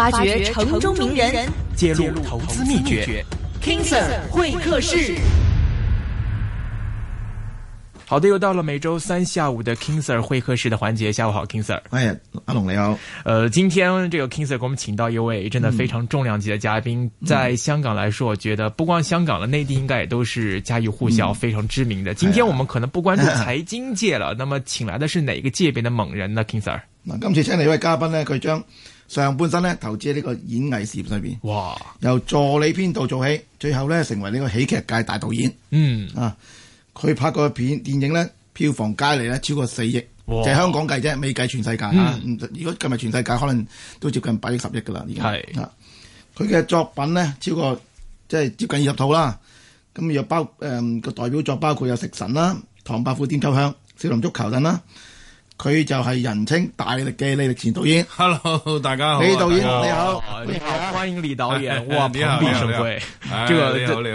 挖掘城中名人，揭露投資秘訣。King Sir 會客室。好的，又到了每周三下午的 King Sir 會客室的環節。下午好，King Sir。誒、哎，阿龍你好。呃，今天這個 King Sir 給我們請到一位真的非常重量級的嘉賓，嗯、在香港來說，我覺得不光香港了，內地應該也都是家喻戶曉、嗯、非常知名的。今天我們可能不關注財經界了，哎、呀那麼請來的是哪個界別的猛人呢？King Sir。嗱、嗯，今次請嚟一位嘉賓呢，佢將。上半身呢，投資喺呢個演藝事業入邊。哇！由助理編導做起，最後呢，成為呢個喜劇界大導演。嗯啊，佢拍過嘅片電影呢，票房加埋呢，超過四億，就係哇香港計啫，未計全世界、嗯、啊。如果計埋全世界，可能都接近八億十億噶啦。而家係啊，佢嘅作品呢，超過即係接近二十套啦。咁又包誒個、呃呃、代表作包括有食神啦、唐伯虎點秋香、少林足球等啦。佢就係人稱大力嘅李力持導演，hello，大家好，李導演你好，你好，歡迎李導演，哇，蓬蓽生輝，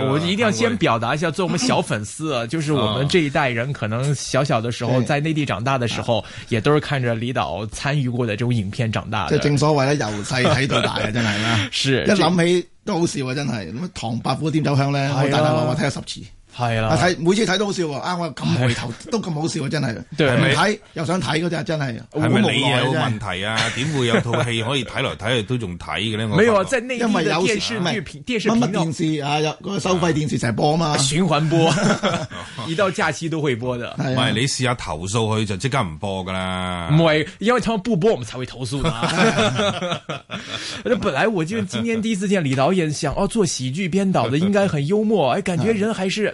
我一定要先表達一下，做我們小粉絲，就是我們這一代人，可能小小的時候在內地長大的時候，也都是看着李導參與過的這種影片長大，即正所謂咧，由細睇到大啊，真係啦，是，一諗起都好笑啊，真係，咁唐伯虎點秋香咧，我大大話話睇咗十次。係啊，睇每次睇都好笑啊，我咁回頭都咁好笑，啊，真係唔睇又想睇嗰啲啊，真係好無奈。你有問題啊？點會有套戲可以睇嚟睇去都仲睇嘅呢？冇啊，即係因為優視咩？乜乜電視啊？嗰個收費電視就係播嘛？循環播，一到假期都會播的。唔係你試下投訴佢就即刻唔播噶啦。唔係，因為佢不播，我哋才會投訴。那本來我就今天第一次見李導演，想哦做喜劇編導的應該很幽默，哎，感覺人還是。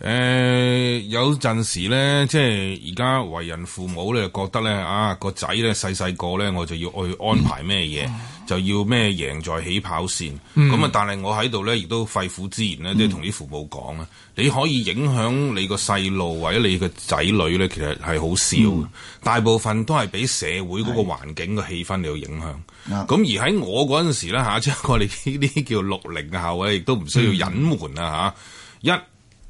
誒、呃，有陣時咧，即係而家為人父母咧，覺得咧啊個仔咧細細個咧，我就要去安排咩嘢，嗯、就要咩贏在起跑線。咁啊、嗯，但係我喺度咧，亦都肺腑之言咧，即係同啲父母講啊，嗯、你可以影響你個細路或者你個仔女咧，其實係好少，嗯、大部分都係俾社會嗰個環境個氣氛嚟到影響。咁是、嗯、而喺我嗰陣時咧，吓即係我哋呢啲叫六零後位亦都唔需要隱瞞啊。吓一。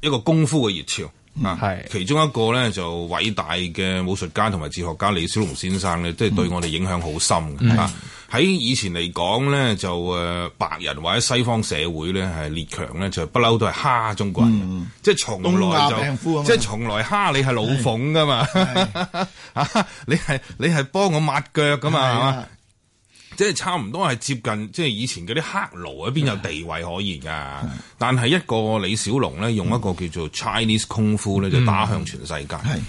一個功夫嘅熱潮啊，係、嗯、其中一個咧就偉大嘅武術家同埋哲學家李小龍先生咧，即係對我哋影響好深嘅吓。喺以前嚟講咧就誒，白人或者西方社會咧係列強咧就不嬲都係蝦中國人，嗯、即係從來就即係從來蝦你係老馮噶嘛，啊你係你係幫我抹腳噶嘛係嘛？嗎即係差唔多係接近，即係以前嗰啲黑奴啊，邊有地位可言噶？的但係一個李小龍咧，用一個叫做 Chinese 功夫咧，就打向全世界。的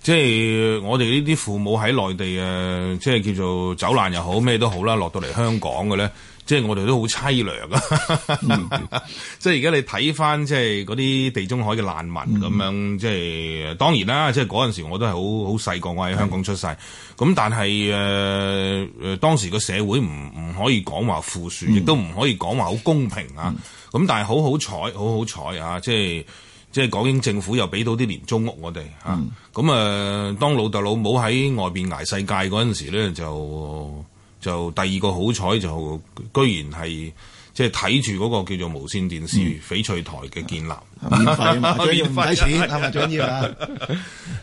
即係我哋呢啲父母喺內地誒、啊，即係叫做走難又好，咩都好啦，落到嚟香港嘅咧。即係我哋都好淒涼啊！即係而家你睇返即係嗰啲地中海嘅難民咁樣，即係當然啦！即係嗰陣時我都係好好細個，我喺香港出世。咁但係誒誒當時個社會唔唔可以講話富庶，亦都唔可以講話好公平啊！咁但係好好彩，好好彩啊！即係即係港英政府又俾到啲廉租屋我哋啊。咁誒當老豆老母喺外邊捱世界嗰陣時咧就～就第二個好彩，就居然係即係睇住嗰個叫做無線電視、嗯、翡翠台嘅建立，翡翠無線點啊？最緊要啦！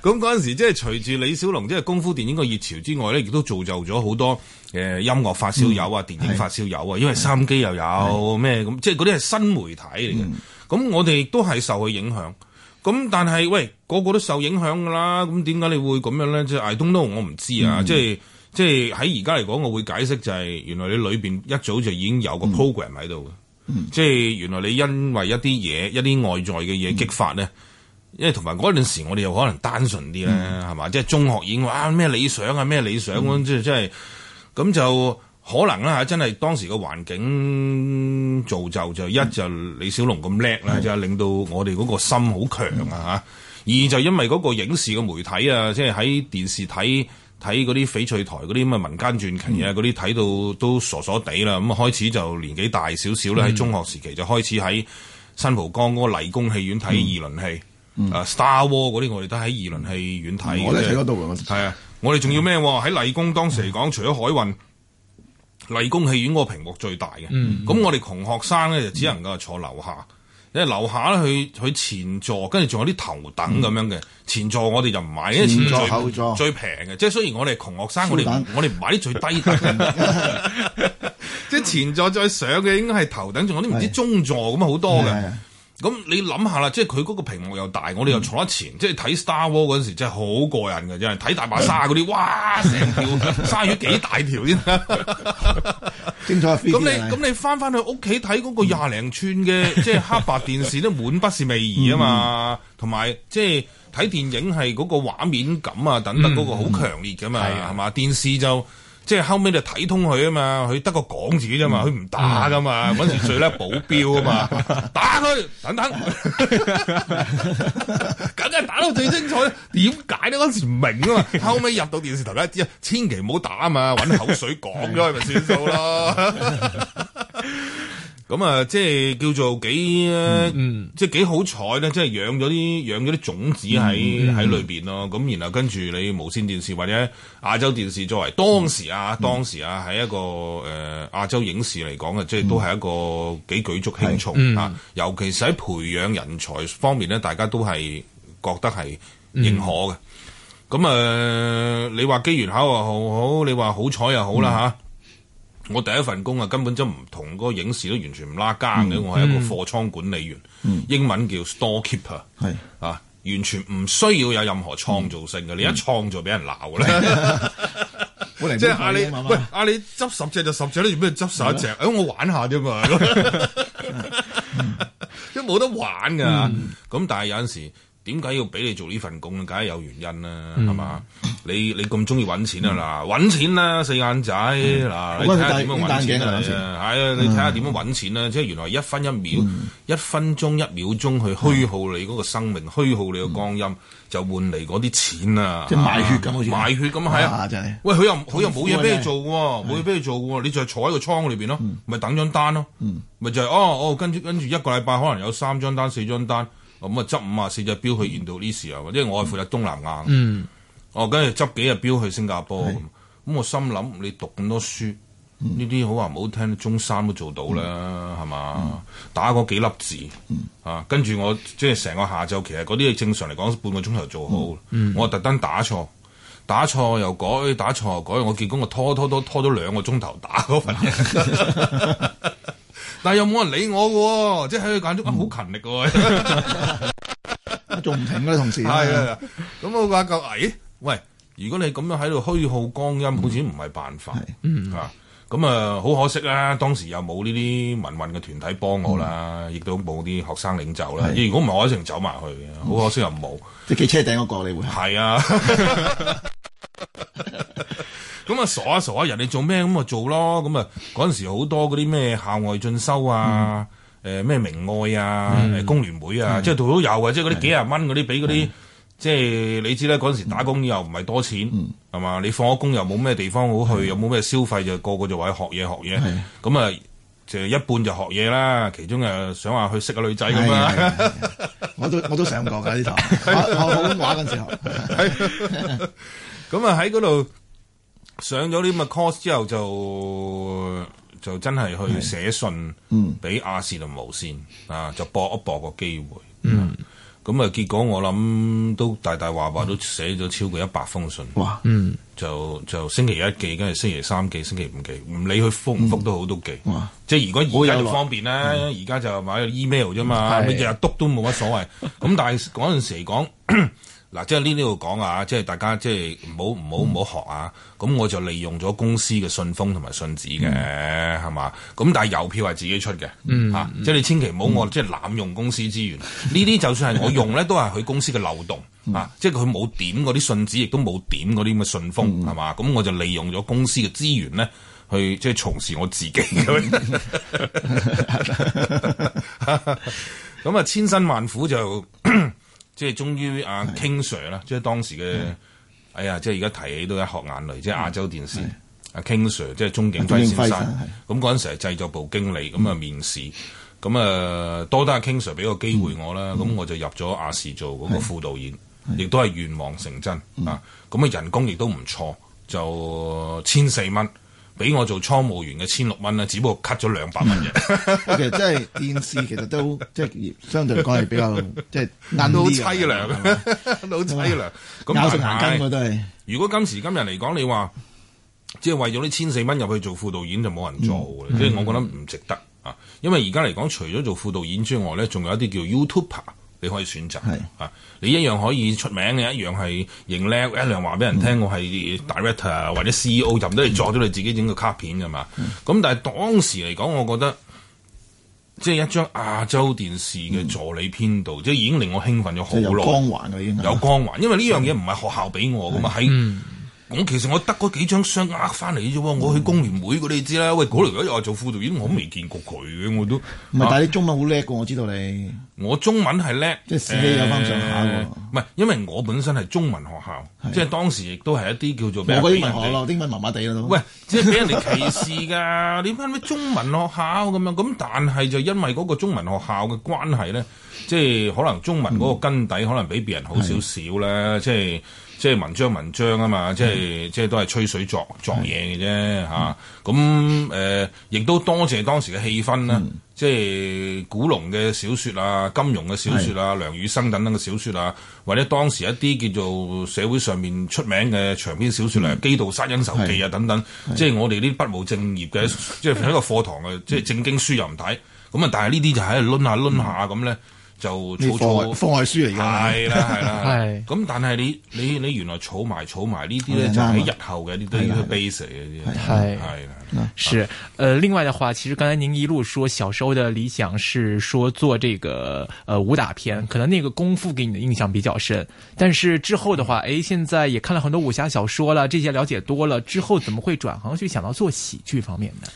咁嗰陣時，即、就、係、是、隨住李小龍即係、就是、功夫電影個熱潮之外咧，亦都造就咗好多誒、呃、音樂發燒友啊、嗯、電影發燒友啊，是因為收音機又有咩咁是，即係嗰啲係新媒體嚟嘅。咁、嗯、我哋都係受佢影響。咁但係喂，個個，個都受影響㗎啦。咁點解你會咁樣咧？即係 I don't know，我唔知啊。即係、嗯。即係喺而家嚟講，我會解釋就係原來你裏邊一早就已經有個 program 喺度嘅。嗯、即係原來你因為一啲嘢、一啲外在嘅嘢激發咧，因為同埋嗰陣時我哋又可能單純啲咧，係嘛、嗯？即係中學已經話咩、啊、理想啊、咩理想咁、啊，嗯、即係即係咁就可能啦、啊、嚇，真係當時個環境造就就一就是、李小龍咁叻啦，嗯、就令到我哋嗰個心好強啊嚇。二就因為嗰個影視嘅媒體啊，即係喺電視睇。睇嗰啲翡翠台嗰啲咁嘅民間傳奇啊，嗰啲睇到都傻傻地啦。咁啊，開始就年紀大少少啦。喺、嗯、中學時期就開始喺新蒲崗嗰個麗宮戲院睇二輪戲，嗯嗯、啊 Star War 嗰啲我哋都喺二輪戲院睇。我哋喺嗰度嘅，係啊！我哋仲要咩？喺麗宮當時嚟講，嗯、除咗海運，嗯、麗宮戲院嗰個屏幕最大嘅。咁、嗯嗯、我哋窮學生咧就只能夠坐下樓下。你樓下咧，去去前座，跟住仲有啲頭等咁樣嘅前座，我哋就唔買，座座因為前座最平嘅。即係雖然我哋窮學生，蛋我哋我哋唔買啲最低等。即係 前座再上嘅應該係頭等，仲有啲唔知中座咁啊，好多嘅。咁你諗下啦，即係佢嗰個屏幕又大，我哋又坐得前，嗯、即係睇 Star War 嗰時真係好過癮嘅，真係睇大白鯊嗰啲，哇成條鯊魚幾大條添，精彩！ 咁你咁你翻翻去屋企睇嗰個廿零寸嘅，嗯、即係黑白電視都滿不是味兒啊嘛，同埋、嗯、即係睇電影係嗰個畫面感啊等等嗰個好強烈嘅嘛，係嘛？電視就。即係後尾就睇通佢啊嘛，佢得個講字啫、嗯、嘛，佢唔打噶嘛，陣時最叻保鏢啊嘛，打佢等等，梗 係打到最精彩咧，點解咧嗰時唔明啊嘛，後尾入到電視台咧知啊，千祈唔好打啊嘛，搵口水講咗佢咪算數咯？ 咁啊、嗯嗯，即係叫做幾，即係幾好彩咧！即係養咗啲，養咗啲種子喺喺、嗯嗯、裏邊咯。咁然後跟住你無線電視或者亞洲電視，作為當時啊，當時啊，喺、嗯啊、一個誒呃、亞洲影視嚟講啊，即係都係一個、嗯、幾舉足輕重啊！嗯、尤其是喺培養人才方面咧，大家都係覺得係認可嘅。咁啊，你話機緣巧合好，你話好彩又好啦吓。.我第一份工啊，根本就唔同嗰影視都完全唔拉更嘅，我係一個貨倉管理員，英文叫 storekeeper，係啊，完全唔需要有任何創造性嘅，你一創造俾人鬧咧，即係阿你，喂，阿你執十隻就十隻啦，做咩執十隻？誒，我玩下啫嘛，都冇得玩噶，咁但係有陣時。點解要俾你做呢份工咧？梗係有原因啦，係嘛？你你咁中意揾錢啊嗱，揾錢啦四眼仔嗱，你睇下點樣揾錢啊？係啊，你睇下點樣揾錢咧？即係原來一分一秒、一分鐘、一秒鐘去虛耗你嗰個生命，虛耗你個光陰，就換嚟嗰啲錢啊！即係賣血咁，好似賣血咁係啊！真係喂，佢又佢又冇嘢俾你做嘅，冇嘢俾你做嘅，你就坐喺個倉裏邊咯，咪等張單咯，咪就係哦哦，跟住跟住一個禮拜可能有三張單、四張單。咁啊，執五啊四隻表去印度呢時候，因為我係負責東南亞，我跟住執幾隻表去新加坡咁。咁是我心諗，你讀咁多書，呢啲、嗯、好話唔好聽，中三都做到啦，係嘛？打嗰幾粒字、嗯、啊，跟住我即係成個下晝，其實嗰啲正常嚟講半個鐘頭做好，嗯嗯、我特登打錯，打錯又改，打錯又改，我結果我拖拖拖拖咗兩個鐘頭打嗰份。 但係又冇人理我嘅、啊？即係喺度間中，好、嗯啊、勤力嘅、啊，仲唔、 啊、停嘅、啊、同事。係啊，咁我個舊矮。喂、呃，如果你咁樣喺度虛耗光陰，好似唔係辦法。係，啊，咁啊好可惜啦、啊，當時又冇呢啲民運嘅團體幫我啦，亦都冇啲學生領袖啦。如果唔係，我一成走埋去，好可惜又冇。即係、嗯、 車頂嗰個，你會係啊。 咁啊傻啊傻啊！人哋做咩咁咪做咯？咁啊嗰陣時好多嗰啲咩校外進修啊，誒咩明愛啊，誒工聯會啊，即係度都有啊。即係嗰啲幾廿蚊嗰啲，俾嗰啲即係你知咧。嗰陣時打工又唔係多錢，係嘛？你放咗工又冇咩地方好去，又冇咩消費，就個個就話去學嘢學嘢。咁啊，就一半就學嘢啦。其中誒想話去識個女仔咁啊。我都我都想過噶呢頭學普通話嗰陣時候。咁啊喺嗰度。上咗呢啲 course 之後就就真係去寫信，俾亞視同無線啊，就搏一搏個機會。咁、嗯、啊，結果我諗都大大話話都寫咗超過一百封信。嗯哇嗯就就星期一寄，跟住星期三寄，星期五寄，唔理佢復唔復都好，都寄。即係如果而家方便咧，而家就買 email 啫嘛，你日日督都冇乜所謂。咁但係嗰陣時嚟講嗱，即係呢啲度講啊，即係大家即係唔好唔好唔好學啊。咁我就利用咗公司嘅信封同埋信紙嘅，係嘛？咁但係郵票係自己出嘅，吓，即係你千祈唔好我即係濫用公司資源。呢啲就算係我用咧，都係佢公司嘅漏洞。啊！即係佢冇點嗰啲信紙，亦都冇點嗰啲咁嘅信封，係嘛？咁我就利用咗公司嘅資源咧，去即係從事我自己咁咁啊，千辛萬苦就即係終於阿 King Sir 啦，即係當時嘅哎呀，即係而家提起都一學眼淚，即係亞洲電視阿 King Sir，即係鍾景輝先生。咁嗰陣時係製作部經理，咁啊面試，咁啊多得阿 King Sir 俾個機會我啦，咁我就入咗亞視做嗰個副導演。.亦都係願望成真、嗯、啊！咁啊人工亦都唔錯，就千四蚊，俾我做倉務員嘅千六蚊咧，只不過 cut 咗兩百蚊啫。其實真係電視其實都即係相對嚟講係比較即係難到好淒涼，好淒涼。咁咬實牙根我都係。如果今時今日嚟講，你話即係為咗呢千四蚊入去做副導演就冇人做即係、嗯嗯、我覺得唔值得啊！因為而家嚟講，除咗做副導演之外咧，仲有一啲叫 YouTuber。你可以選擇係是啊，你一樣可以出名嘅，一樣係型叻，一樣話俾人聽，我係 director 或者 CEO，任得你作咗你自己整個卡片嘅嘛。咁、嗯、但係當時嚟講，我覺得即係一張亞洲電視嘅助理編導，嗯、即係已經令我興奮咗好耐，有光環嘅已經，有光環，因為呢樣嘢唔係學校俾我嘅嘛喺。我其實我得嗰幾張相呃翻嚟啫喎，我去工聯會，你知啦。喂，嗰嚟嗰又係做輔導員，我未見過佢嘅，我都。唔係是，啊、但係你中文好叻嘅，我知道你。我中文係叻，即係自己有翻上下唔係，因為我本身係中文學校，的即係當時亦都係一啲叫做。文學人我嗰啲唔好咯，英文麻麻地喂，即係俾人哋歧視㗎， 點解咩中文學校咁樣？咁但係就因為嗰個中文學校嘅關係咧，即係可能中文嗰個根底可能比別人好少少咧，即係的。即係文章文章啊嘛，即係、嗯、即係都係吹水作作嘢嘅啫嚇。咁誒，亦、嗯啊呃、都多謝，謝當時嘅氣氛啦。嗯、即係古龍嘅小說啊，金庸嘅小說啊，嗯、梁羽生等等嘅小說啊，或者當時一啲叫做社會上面出名嘅長篇小說嚟，嗯、基道殺人手記啊等等。嗯、即係我哋啲不務正業嘅，嗯嗯、即係喺個課堂啊，即係正經書又唔睇。咁啊，但係呢啲就喺度攆下攆下咁咧。就儲儲，課外書嚟㗎，係啦，係啦，係。咁但係你你你原來儲埋儲埋呢啲咧，就喺日後嘅呢啲啲 basic 嘅啲係係啦。是，呃，另外的話，其實剛才您一路說，小時候的理想是說做這個呃武打片，可能那個功夫給你的印象比較深。但是之後的話，哎，現在也看了很多武俠小說啦，這些了解多了之後，怎麼會轉行去想到做喜劇方面呢？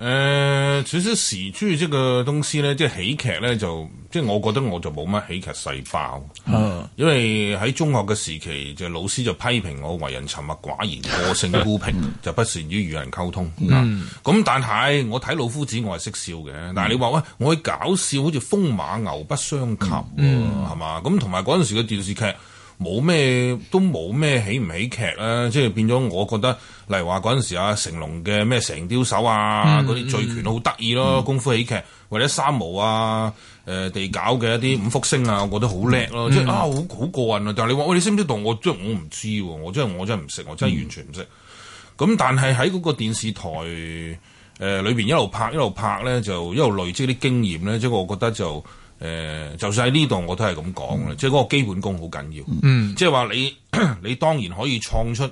誒，其實喜劇這個東西咧，即係喜劇咧，就即係我覺得我就冇乜喜劇細胞，因為喺中學嘅時期，就老師就批評我為人沉默寡言、個性孤僻，嗯、就不善於與人溝通。咁、嗯、但係我睇老夫子，我係識笑嘅。但係你話喂，嗯、我搞笑好似風馬牛不相及、啊，係嘛、嗯？咁同埋嗰陣時嘅電視劇。冇咩都冇咩喜唔喜劇啦、啊，即係變咗。我覺得例如話嗰陣時啊，成龍嘅咩《蛇形刁手》啊，嗰啲醉拳好得意咯，嗯、功夫喜劇或者三毛啊、誒、呃、地搞嘅一啲五福星啊，我覺得、啊嗯啊、好叻咯，即係啊好好過癮啊！但係你話喂，你識唔識度？我我唔知喎、啊，我真係我真係唔識，我真係完全唔識。咁、嗯、但係喺嗰個電視台誒裏、呃、邊一路拍一路拍咧，就一路累積啲經驗咧，即係我覺得就。誒、呃，就算喺呢度我都係咁講嘅，即係嗰個基本功好緊要。嗯，即係話你 你當然可以創出，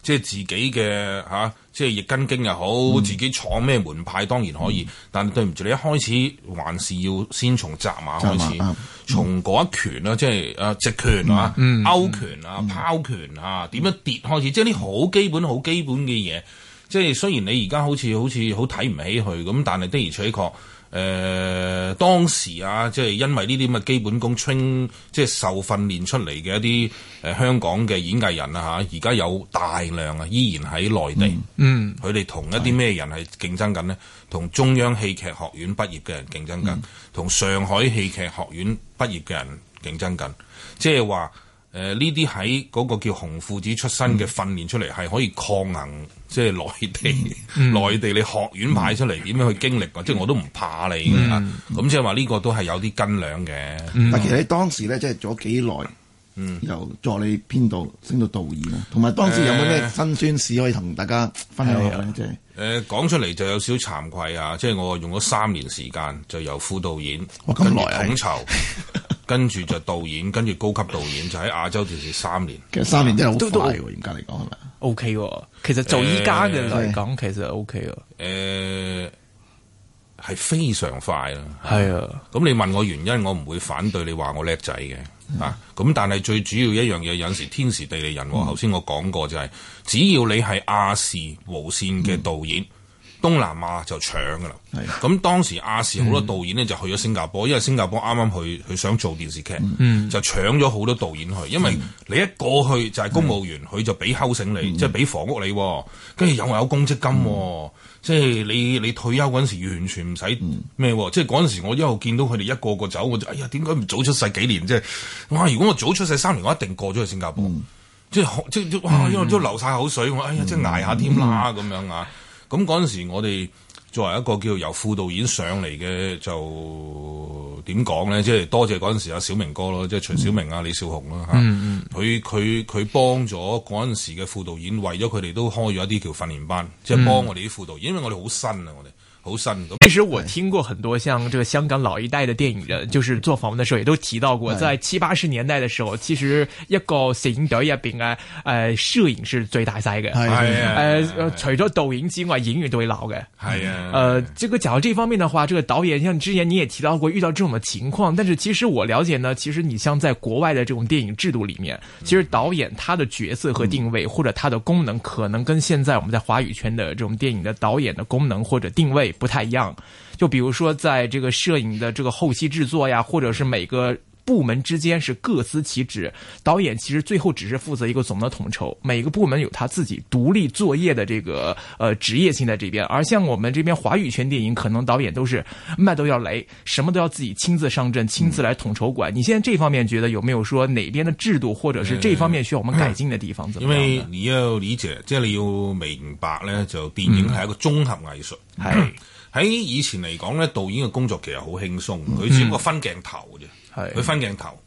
即係自己嘅吓、啊，即係易筋經又好，嗯、自己創咩門派當然可以。嗯、但係對唔住，你一開始還是要先從紮馬開始，從嗰、嗯、一拳啦、啊，即係啊直拳啊、嗯嗯、勾拳啊、拋拳啊，點樣跌開始，嗯嗯嗯、即係啲好基本、好基本嘅嘢。即係雖然你而家好似好似好睇唔起佢咁，但係的而且確。誒、呃、當時啊，即係因為呢啲咁嘅基本功 train 即係受訓練出嚟嘅一啲誒、呃、香港嘅演藝人啊嚇，而家有大量啊，依然喺內地。嗯，佢哋同一啲咩人係競爭緊呢？同的中央戲劇學院畢業嘅人競爭緊，同、嗯、上海戲劇學院畢業嘅人競爭緊，即係話。誒呢啲喺嗰個叫紅褲子出身嘅訓練出嚟，係可以抗衡、嗯、即係內地，嗯、內地你學院派出嚟點樣去經歷嘅，嗯、即係我都唔怕你咁即係話呢個都係有啲斤兩嘅。嗯嗯、但其實喺當時咧，即係做咗幾耐？嗯，由助理編導升到導演啊，同埋當時有冇咩辛酸史可以同大家分享下咧？即係誒、講、嗯、出嚟就有少少慚愧啊！即、就、係、是、我用咗三年時間，就由副導演跟住統籌，跟住就，導演， 跟住就導演，跟住高級導演，就喺亞洲電視三年。其實三年真係好快，嚴格嚟講，係咪？O K，其實做依家嘅嚟講，其實 O、OK、K。誒、呃。係非常快啦，係啊，咁、嗯、你問我原因，我唔會反對你話我叻仔嘅，啊，咁但係最主要一樣嘢，有時天時地利人和、哦，頭先、嗯、我講過就係、是，只要你係亞視無線嘅導演。嗯東南亞就搶㗎啦，咁當時亞視好多導演咧就去咗新加坡，因為新加坡啱啱去，佢想做電視劇，就搶咗好多導演去，因為你一過去就係公務員，佢就俾 house 你，即係俾房屋你，跟住有又有公積金，即係你你退休嗰陣時完全唔使咩，即係嗰陣時我一路見到佢哋一個個走，我就哎呀點解唔早出世幾年啫？哇！如果我早出世三年，我一定過咗去新加坡，即係即係哇一路都流晒口水，我哎呀即係捱下添啦咁樣啊！咁嗰陣時，我哋作為一個叫由副導演上嚟嘅，就點講咧？即係多謝嗰陣時阿小明哥咯，即係徐小明啊、李少紅啦嚇。佢佢佢幫咗嗰陣時嘅副導演，為咗佢哋都開咗一啲叫訓練班，即係幫我哋啲副導演，因為我哋好新啊我哋。好新！ 其實我聽過很多，像這個香港老一代的電影人，就是做訪問的時候，也都提到過，在七八十年代的時候，其實一個攝影隊入邊嘅呃，攝影是最大晒嘅。哎，係啊，誒誒，除咗導演之外，演員都會鬧嘅。係、呃、這個講到這方面的話，這個導演，像之前你也提到過，遇到這種嘅情況。但是其實我了解呢，其實你像在國外的這種電影制度裏面，其實導演他的角色和定位，或者他的功能，可能跟現在我們在華語圈的這種電影的導演的功能或者定位。不太一樣，就比如說，在這個攝影的這個後期製作呀，或者是每個，部門之間是各司其職，導演其實最後只是負責一個總的統籌，每個部門有他自己獨立作業的這個呃職業性在這邊。而像我們這邊華語圈電影，可能導演都是乜都要來什麼都要自己親自上陣，親自來統籌管。嗯、你現在這方面覺得有沒有說哪邊的制度，或者是這方面需要我們改進的地方怎麼樣？因為你要理解，即係你要明白呢，就電影係一個綜合藝術。係喺、嗯、是以前嚟講呢，導演嘅工作其實好輕鬆，佢只不過分鏡頭啫。佢是分鏡頭，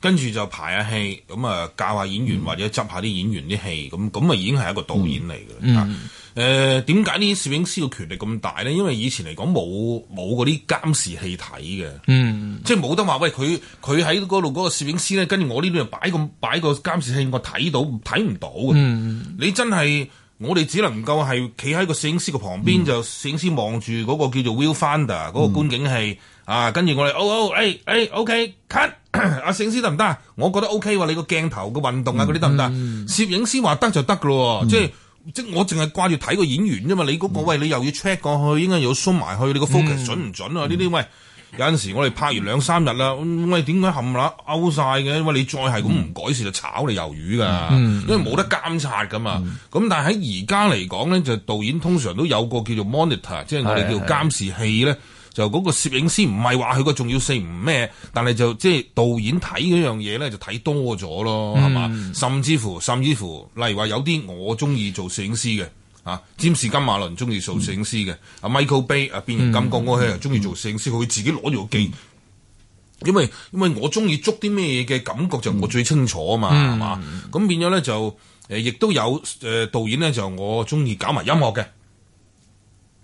跟住 就排下戲，咁啊教下演員、嗯、或者執下啲演員啲戲，咁咁啊已經係一個導演嚟嘅啦。誒、嗯，點解呢啲攝影師嘅權力咁大咧？因為以前嚟講冇冇嗰啲監視器睇嘅，嗯、即係冇得話喂佢佢喺嗰度嗰個攝影師咧，跟住我呢邊就擺個擺個監視器，我睇到睇唔到，嘅嗯、你真係我哋只能夠係企喺個攝影師嘅旁邊，嗯、就攝影師望住嗰個叫做 viewfinder 嗰個觀景器。嗯啊，跟住我哋 O O，哎哎，O K，cut，阿攝影師得唔得啊？我覺得 O K 喎，你個鏡頭嘅運動啊，嗰啲得唔得？攝影師話得就得噶咯，即係即係我淨係掛住睇個演員啫嘛。你嗰個位，你又要 check 過去，應該要 zoom 埋去，你個 focus 準唔準啊？呢啲喂，有陣時我哋拍完兩三日啦，喂，點解冚 𠾴 勾晒嘅？因喂，你再係咁唔改善就炒你魷魚噶，因為冇得監察噶嘛。咁但係喺而家嚟講咧，就導演通常都有個叫做 monitor，即係我哋叫監視器咧。就嗰個攝影師唔係話佢個重要性唔咩，但係就即係、就是、導演睇嗰樣嘢咧就睇多咗咯，係嘛、mm hmm.？甚至乎甚至乎，例如話有啲我中意做攝影師嘅，啊，詹士金馬倫中意做攝影師嘅，阿、mm hmm. Michael Bay 啊，變形金剛我嗰啲中意做攝影師，佢自己攞住個機，因為因為我中意捉啲咩嘢嘅感覺就我最清楚啊嘛，係嘛、mm？咁、hmm. 變咗咧就誒，亦、呃、都有誒、呃、導演咧就我中意搞埋音樂嘅，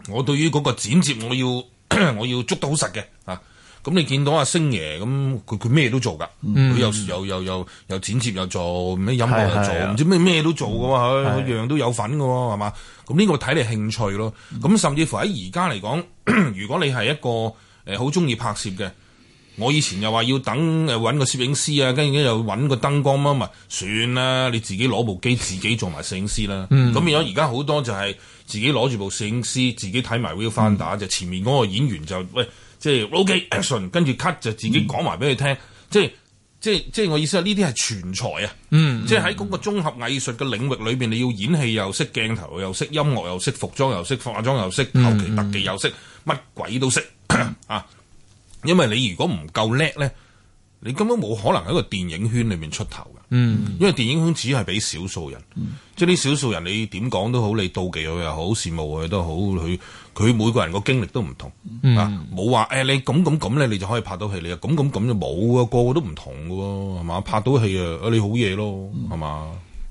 我對於嗰個剪接我要。 我要捉得好實嘅，啊，咁你見到阿、啊、星爺咁，佢佢咩都做噶，佢、嗯、有時又又又又剪接又做，咩音樂又做，唔、嗯、知咩咩都做噶喎，佢樣、嗯、樣都有份噶喎，係嘛？咁呢個睇嚟興趣咯。咁甚至乎喺而家嚟講，如果你係一個誒好中意拍攝嘅。我以前又話要等誒，搵、呃、個攝影師啊，跟住又搵個燈光啊嘛，算啦，你自己攞部機自己做埋攝影師啦。咁、嗯、變咗而家好多就係自己攞住部攝影師，自己睇埋 view 翻打，就前面嗰個演員就喂，即係 OK、okay, action 跟住 cut 就自己講埋俾佢聽。嗯、即係即係即係我意思係呢啲係全才啊。嗯，即係喺嗰個綜合藝術嘅領域裏邊，你要演戲又識鏡頭，又識音樂，又識服裝，又識化妝，又識後期特技，又識乜鬼都識啊！ 因為你如果唔夠叻咧，你根本冇可能喺個電影圈裏面出頭嘅。嗯，因為電影圈只係俾少數人，嗯、即係啲少數人你點講都好，你妒忌佢又好，羨慕佢都好，佢佢每個人個經歷都唔同、嗯、啊！冇話誒，你咁咁咁咧，你就可以拍到戲，你咁咁咁就冇啊！個個都唔同㗎喎，係嘛？拍到戲啊啊你好嘢咯，係嘛、嗯？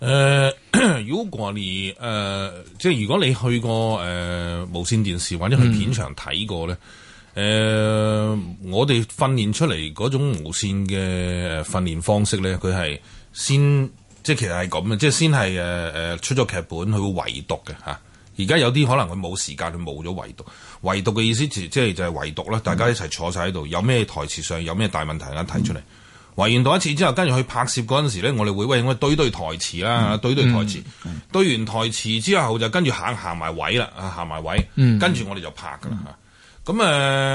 誒，如果你誒，即係如果你去過誒、呃、無線電視或者去片場睇過咧，誒、嗯呃，我哋訓練出嚟嗰種無線嘅誒訓練方式咧，佢係先，即係其實係咁、呃、啊，即係先係誒誒出咗劇本，佢會圍讀嘅吓。而家有啲可能佢冇時間，佢冇咗圍讀。圍讀嘅意思，即係就係圍讀啦，大家一齊坐晒喺度，有咩台詞上有咩大問題啊，提出嚟。嗯圍完到一次之後，跟住去拍攝嗰陣時咧，我哋會喂，應該對對台詞啦，對對台詞。對完台詞之後，就跟住行行埋位啦，啊行埋位。嗯、跟住我哋就拍噶啦嚇。咁誒、嗯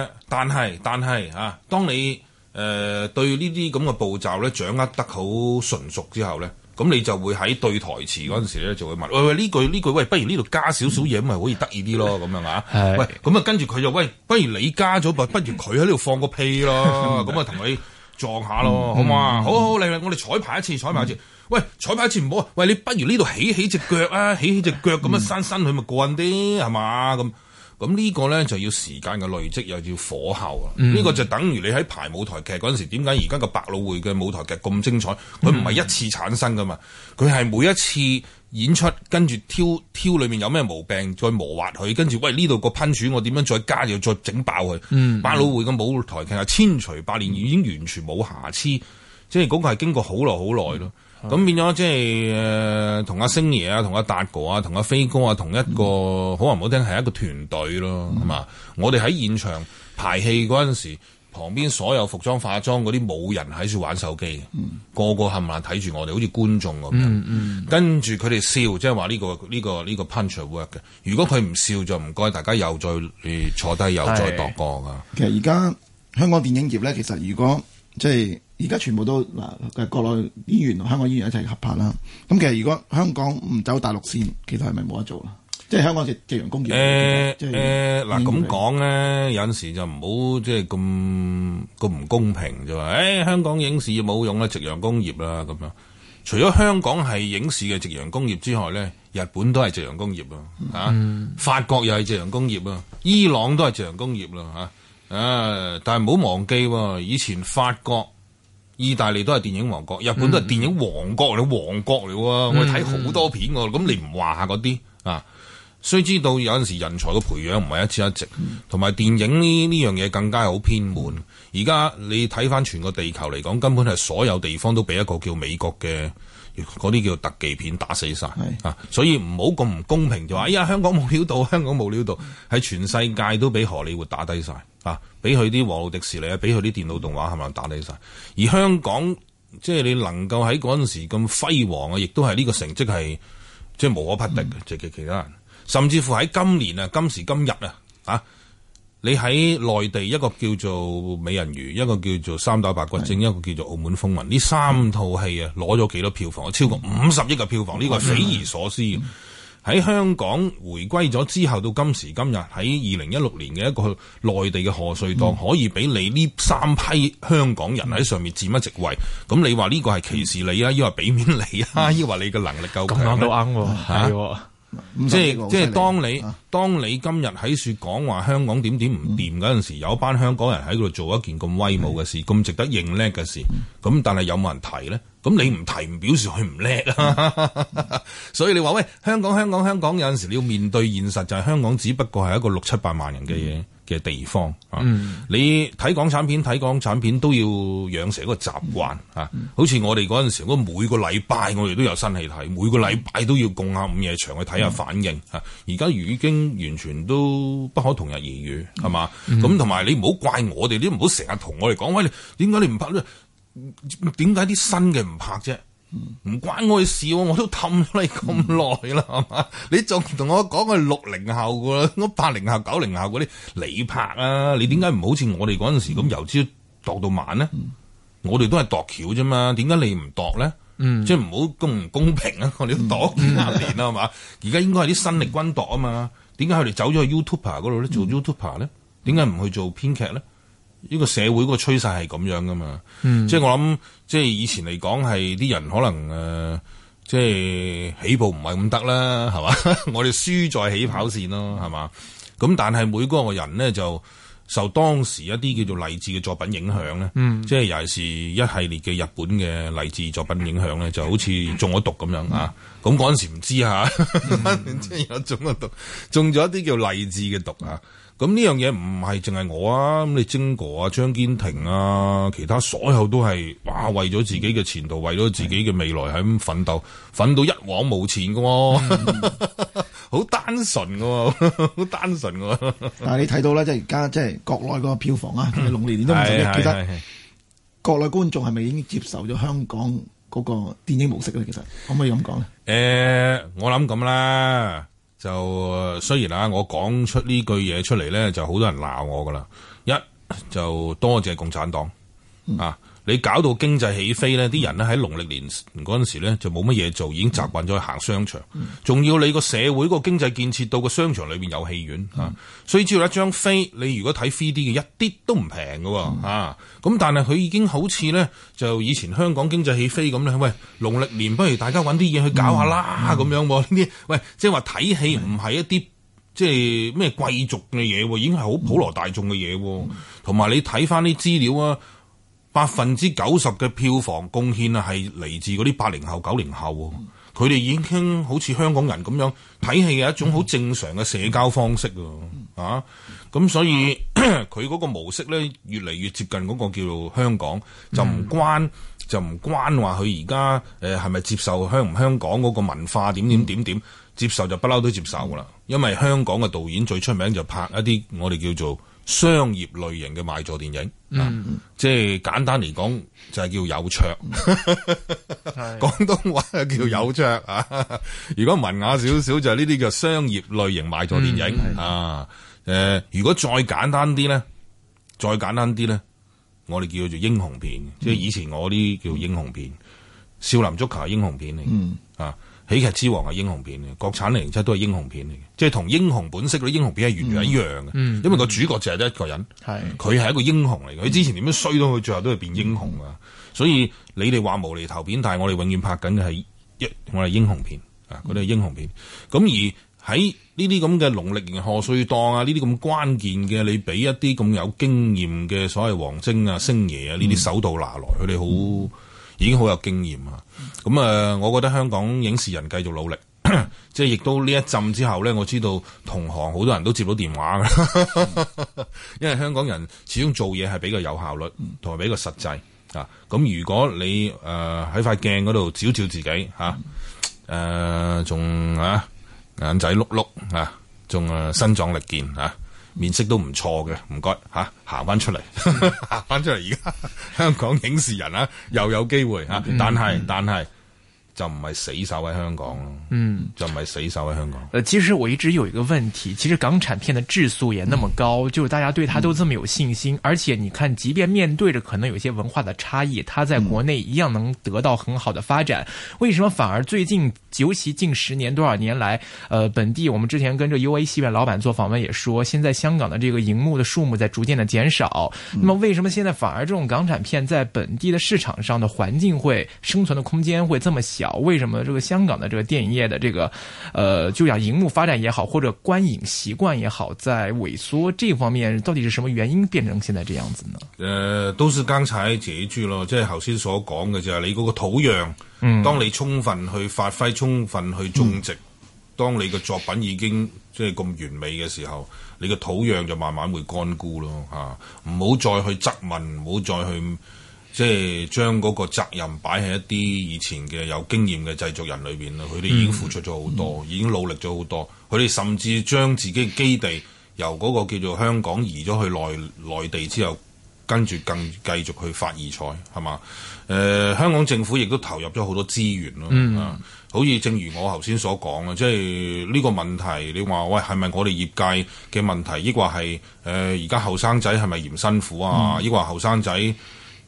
啊，但係但係嚇、啊，當你誒、呃、對呢啲咁嘅步驟咧，掌握得好純熟之後咧，咁你就會喺對台詞嗰陣時咧，就會問喂，喂呢句呢句喂，不如呢度加少少嘢咁咪可以得意啲咯咁樣啊？的喂，咁啊的跟住佢就喂，不如你加咗，不如佢喺呢度放個屁咯，咁啊同佢。撞下咯，好唔好啊？好好嚟嚟，我哋彩排一次，彩排一次。嗯、喂，彩排一次唔好。喂，你不如呢度起起隻腳啊，起起隻腳咁樣伸伸佢咪過癮啲，係嘛、嗯？咁咁呢個咧就要時間嘅累積，又要火候啊。呢、嗯、個就等於你喺排舞台劇嗰陣時，點解而家個百老匯嘅舞台劇咁精彩？佢唔係一次產生噶嘛，佢係、嗯、每一次。演出，跟住挑挑裏面有咩毛病，再磨滑佢，跟住喂，呢度個噴泉我點樣再加要再整爆佢、嗯？嗯，百老匯個舞台劇千錘百鍊，已經完全冇瑕疵，即係嗰個係經過好耐好耐咯。咁變咗即係誒，同、呃、阿星爺啊，同阿達哥啊，同阿飛哥啊，同一個、嗯、好話唔好聽係一個團隊咯，係嘛、嗯？我哋喺現場排戲嗰陣時。.旁邊所有服裝化妝嗰啲冇人喺處玩手機，嗯、個個係眼睇住我哋，好似觀眾咁樣，嗯嗯、跟住佢哋笑，即係話呢個呢、呢個呢、呢個 punchwork、er、嘅。如果佢唔笑就唔該，大家又再、呃、坐低又再度過噶。對其實而家香港電影業咧，其實如果即係而家全部都嗱嘅國內演員同香港演員一齊合拍啦，咁其實如果香港唔走大陸線，其他係咪冇得做啊？即係香港夕夕陽工業誒誒嗱咁講咧，有陣時就唔好即係咁咁唔公平啫嘛！誒、哎、香港影視業冇用啦，夕陽工業啦咁樣。除咗香港係影視嘅夕陽工業之外咧，日本都係夕陽工業啊！嚇、嗯，法國又係夕陽工業啊，伊朗都係夕陽工業啦嚇。啊，但係唔好忘記喎，以前法國、意大利都係電影王國，日本都係電影王國，你、嗯、王國嚟喎！我哋睇好多片喎，咁你唔話下嗰啲啊？啊需知道有陣時人才嘅培養唔係一朝一夕，同埋、嗯、電影呢呢樣嘢更加好偏門。而家你睇翻全個地球嚟講，根本係所有地方都俾一個叫美國嘅嗰啲叫特技片打死晒，是啊！所以唔好咁唔公平，就話哎呀香港冇料到，香港冇料到，喺、嗯、全世界都俾荷里活打低晒啊！俾佢啲華路迪士尼啊，俾佢啲電腦動畫，係咪打低晒？而香港即係你能夠喺嗰陣時咁輝煌啊，亦都係呢個成績係即係無可匹敵嘅，直擊、嗯、其他人。甚至乎喺今年啊，今時今日啊，啊，你喺內地一個叫做《美人魚》，一個叫做《三打白骨精》，的一個叫做《澳門風雲》呢三套戲啊，攞咗幾多票房？超過五十億嘅票房，呢、啊、個係匪夷所思。喺的香港回歸咗之後到今時今日，喺二零一六年嘅一個內地嘅賀歲檔，可以俾你呢三批香港人喺上面佔一席位，咁、嗯、你話呢個係歧視你啊？抑或俾面你啊？抑或你嘅能力夠強？咁都啱。即係即係，當你、啊、當你今日喺說講話香港點點唔掂嗰陣時，嗯、有一班香港人喺度做一件咁威武嘅事，咁、嗯、值得認叻嘅事，咁、嗯、但係有冇人提呢？咁你唔提，唔表示佢唔叻啊！ 嗯、所以你話喂，香港，香港，香港，有陣時你要面對現實，就係香港只不過係一個六七百萬人嘅嘢。嗯嘅地方啊，嗯、你睇港產片，睇港產片都要養成一個習慣、嗯嗯、啊，好似我哋嗰陣時，每個禮拜我哋都有新戲睇，每個禮拜都要共下午夜場去睇下反應、嗯、啊。而家已經完全都不可同日而語，係嘛？咁同埋你唔好怪我哋，你唔好成日同我哋講話，喂，你點解你唔拍咧？點解啲新嘅唔拍啫？唔關我事、啊，我都氹咗你咁耐啦，係嘛、嗯？ 你仲同我講佢六零後噶，八零後、九零後嗰啲你拍啊？你點解唔好似我哋嗰陣時咁、嗯、由朝度到晚咧？我哋都係度橋啫嘛，點解你唔度咧？即係唔好公唔公平啊！我哋都度五廿年啦，係嘛、嗯？而家 應該係啲新力軍度啊嘛？點解佢哋走咗去 YouTuber 嗰度咧？做 YouTuber 咧？點解唔去做編劇咧？呢個社會個趨勢係咁樣噶嘛？即係我諗，即係以前嚟講係啲人可能誒，即係起步唔係咁得啦，係嘛？我哋輸在起跑線咯，係嘛？咁但係每個人咧就受當時一啲叫做勵志嘅作品影響咧，即係尤其係一系列嘅日本嘅勵志作品影響咧，就好似中咗毒咁樣啊！咁嗰陣時唔知嚇，即係有中咗毒，中咗一啲叫勵志嘅毒啊！咁呢樣嘢唔係淨係我啊，咁你晶哥啊、張堅庭啊，其他所有都係哇，為咗自己嘅前途，為咗自己嘅未來喺咁奮鬥，奮到的一往無前嘅、啊，好、嗯、 單純嘅、啊，好單純嘅、啊。但係你睇到咧，即係而家，即係國內個票房啊，龍年年都五十億，的其實國內觀眾係咪已經接受咗香港嗰個電影模式咧？其實可唔可以咁講咧？誒、呃，我諗咁啦。就雖然啊，我講出呢句嘢出嚟呢，就好多人鬧我㗎啦。一就多謝共產黨、嗯、啊！你搞到經濟起飛咧，啲、嗯、人咧喺農曆年嗰陣時咧就冇乜嘢做，已經習慣咗去行商場，仲、嗯、要你個社會個經濟建設到個商場裏邊有戲院、嗯、啊，所以只要一張飛，你如果睇 3D 嘅一啲都唔平㗎啊，咁但係佢已經好似咧就以前香港經濟起飛咁咧，喂農曆年不如大家揾啲嘢去搞下啦咁、嗯、樣、啊，呢啲喂即係話睇戲唔係一啲即係咩貴族嘅嘢，已經係好普羅大眾嘅嘢，同埋、嗯嗯、你睇返啲資料啊。百分之九十嘅票房貢獻啊，係嚟自嗰啲八零後、九零後，佢哋、嗯、已經好似香港人咁樣睇戲係一種好正常嘅社交方式啊！咁所以佢嗰、嗯、 個模式呢，越嚟越接近嗰個叫做香港，就唔關就唔關話佢而家誒係咪接受香唔香港嗰個文化點點點點接受就不嬲都接受噶啦，因為香港嘅導演最出名就拍一啲我哋叫做。商業類型嘅賣座電影、嗯、啊，即係簡單嚟講就係、是、叫有卓，廣、嗯、 東話就叫有卓、嗯、啊。如果文雅少少就係呢啲叫商業類型賣座電影啊。誒，如果再簡單啲咧，再簡單啲咧，我哋叫做英雄片，嗯、即係以前我啲叫英雄片，嗯，《少林足球》係英雄片嚟，嗯啊。喜劇之王係英雄片嘅，國產凌凌漆都係英雄片嚟嘅，即係同英雄本色嗰啲英雄片係完全一樣嘅、嗯。嗯，嗯因為個主角就係得一個人，係佢係一個英雄嚟嘅。佢之前點樣衰到，佢最後都係變英雄啊！嗯、所以你哋話無厘頭片，但係我哋永遠拍緊嘅係一我哋英雄片啊，嗰啲係英雄片。咁而喺呢啲咁嘅農曆年賀歲檔啊，呢啲咁關鍵嘅，你俾一啲咁有經驗嘅所謂王晶啊、星爺啊呢啲手到拿來，佢哋好。嗯已經好有經驗啊！咁啊、呃，我覺得香港影視人繼續努力， 即係亦都呢一陣之後呢，我知道同行好多人都接到電話啦。 因為香港人始終做嘢係比較有效率，同埋比較實際啊。咁如果你誒喺塊鏡嗰度照照自己吓，誒仲啊、呃、啊眼仔碌碌啊，仲啊身壯力健啊。面色都唔錯嘅，唔該，吓、啊，行翻出嚟，行翻 出嚟，而家香港影視人啊，又有機會，吓，但係，但係。就唔係死守喺香港咯，嗯，就唔係死守喺香港。誒、呃，其實我一直有一個問題，其實港產片的質素也那麼高，嗯、就是大家對它都這麼有信心，嗯、而且你看，即便面對着可能有些文化的差異，它在國內一樣能得到很好的發展。嗯、為什麼反而最近，尤其近十年多少年來，呃，本地，我們之前跟着 U A 戲院老闆做訪問也說，現在香港的這個熒幕的數目在逐漸的減少。嗯、那麼為什麼現在反而這種港產片在本地的市場上的環境會生存的空間會這麼小？為什麼這個香港的這個電影業的這個，呃，就像熒幕發展也好，或者觀影習慣也好，在萎縮這方面，到底是什麼原因變成現在這樣子呢？誒、呃，都是剛才這句咯，即係頭先所講嘅就係你嗰個土壤，當你充分去發揮、充分去種植，嗯、當你嘅作品已經即係咁完美嘅時候，你嘅土壤就慢慢會乾枯咯，吓、啊，唔好再去質問，唔好再去。即係將嗰個責任擺喺一啲以前嘅有經驗嘅製作人裏邊啦，佢哋已經付出咗好多，嗯、已經努力咗好多。佢哋甚至將自己嘅基地由嗰個叫做香港移咗去內內地之後，跟住更繼續去發二賽係嘛？誒、呃，香港政府亦都投入咗好多資源咯，嗯、啊，好似正如我頭先所講啊，即係呢個問題，你話喂，係咪我哋業界嘅問題？抑或係誒而家後生仔係咪嫌辛苦啊？抑或後生仔。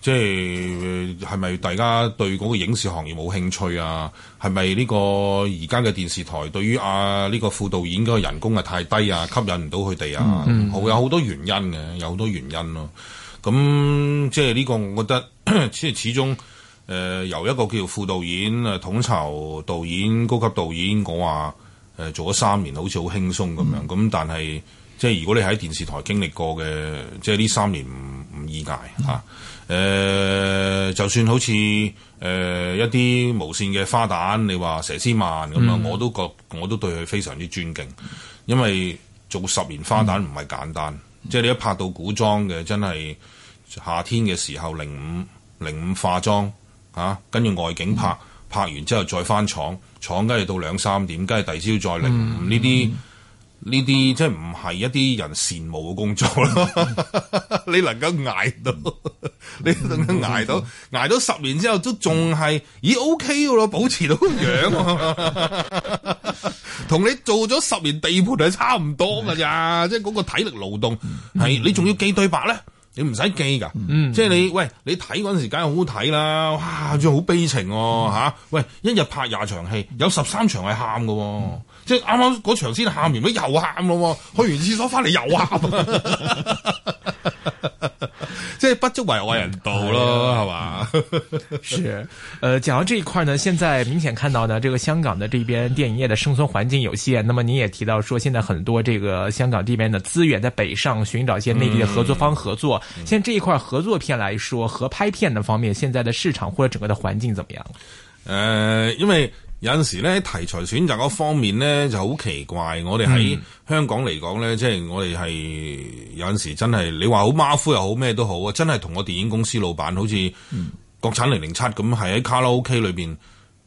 即係係咪大家對嗰個影視行業冇興趣啊？係咪呢個而家嘅電視台對於阿、啊、呢、呢個副導演嗰個人工係太低啊，吸引唔到佢哋啊？會、嗯嗯、有好多原因嘅，有好多原因咯、啊。咁即係呢個，我覺得 即係始終誒、呃、由一個叫副導演啊、統籌導演、高級導演講話，誒做咗三年好似好輕鬆咁樣，咁、嗯、但係。即係如果你喺電視台經歷過嘅，即係呢三年唔唔易解嚇。誒、啊呃，就算好似誒、呃、一啲無線嘅花旦，你話佘詩曼咁樣，我都覺我都對佢非常之尊敬，因為做十年花旦唔係簡單。嗯、即係你一拍到古裝嘅，真係夏天嘅時候零五零五化妝嚇，跟、啊、住外景拍，嗯、拍完之後再返廠，廠梗係到兩三點，梗係第二朝再零五呢啲。嗯呢啲即係唔係一啲人羨慕嘅工作咯？你能夠捱到，你能夠捱到，捱到十年之後都仲係，咦？O K 噶咯，保持到個樣。同你做咗十年地盤係差唔多噶咋？即係嗰個體力勞動係你仲要記對白咧？你唔使記噶，即係你喂你睇嗰陣時梗係好好睇啦，哇！仲好悲情喎嚇，喂！一日拍廿場戲，有十三場係喊嘅。即係啱啱嗰場先喊完，咁又喊咯，去完廁所翻嚟又喊，即係、啊啊啊、 不足為外人道咯，係嘛、嗯？是，誒、呃，講到呢一塊呢，現在明顯看到呢，這個香港嘅呢邊電影業嘅生存環境有限。那麼，你亦提到說，現在很多呢個香港呢邊嘅資源喺北上尋找一些內地嘅合作方合作。嗯嗯、現這一塊合作片來說，合拍片嘅方面，現在嘅市場或者整個嘅環境怎麼樣？誒、呃，因為。有陣時咧題材選擇嗰方面咧就好奇怪，我哋喺香港嚟講咧，即係我哋係有陣時真係你話好馬虎又好咩都好啊，真係同個電影公司老闆好似國產零零七咁，係喺卡拉 OK 裏邊，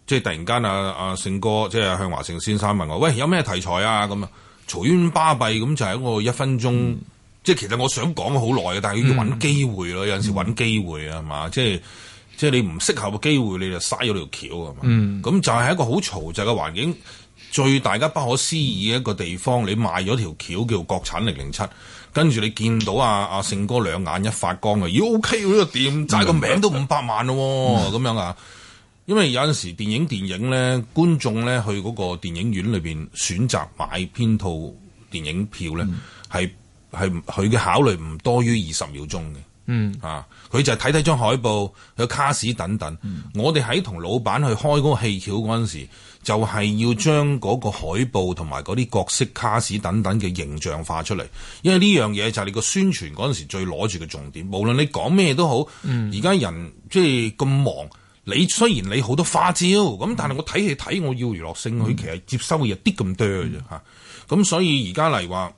即係突然間啊啊勝哥，即係向華勝先生問我，喂，有咩題材啊咁啊，嘈冤巴閉咁就係一個一分鐘，即係其實我想講好耐嘅，但係要揾機會咯，有陣時揾機會啊嘛，即係。即係你唔適合嘅機會，你就嘥咗條橋啊嘛！咁就係一個好嘈雜嘅環境，最大家不可思議嘅一個地方，你賣咗條橋叫國產零零七，跟住你見到啊阿勝哥兩眼一發光、OK、啊，咦 OK 喎呢個店，齋、嗯、個名都五百萬咯、啊、咁、嗯、樣啊！因為有陣時電影電影咧，觀眾咧去嗰個電影院裏邊選擇買邊套電影票咧，係係佢嘅考慮唔多於二十秒鐘嘅。嗯啊，佢就睇睇張海報，個卡士等等。嗯、我哋喺同老闆去開嗰個戲橋嗰陣時，就係、是、要將嗰個海報同埋嗰啲角色卡士等等嘅形象化出嚟。因為呢樣嘢就係你個宣傳嗰陣時最攞住嘅重點。無論你講咩都好，而家、嗯、人即係咁忙，你雖然你好多花招咁，但係我睇戲睇我要娛樂性，佢、嗯、其實接收嘅有啲咁多嘅啫嚇。咁、嗯嗯、所以而家嚟話。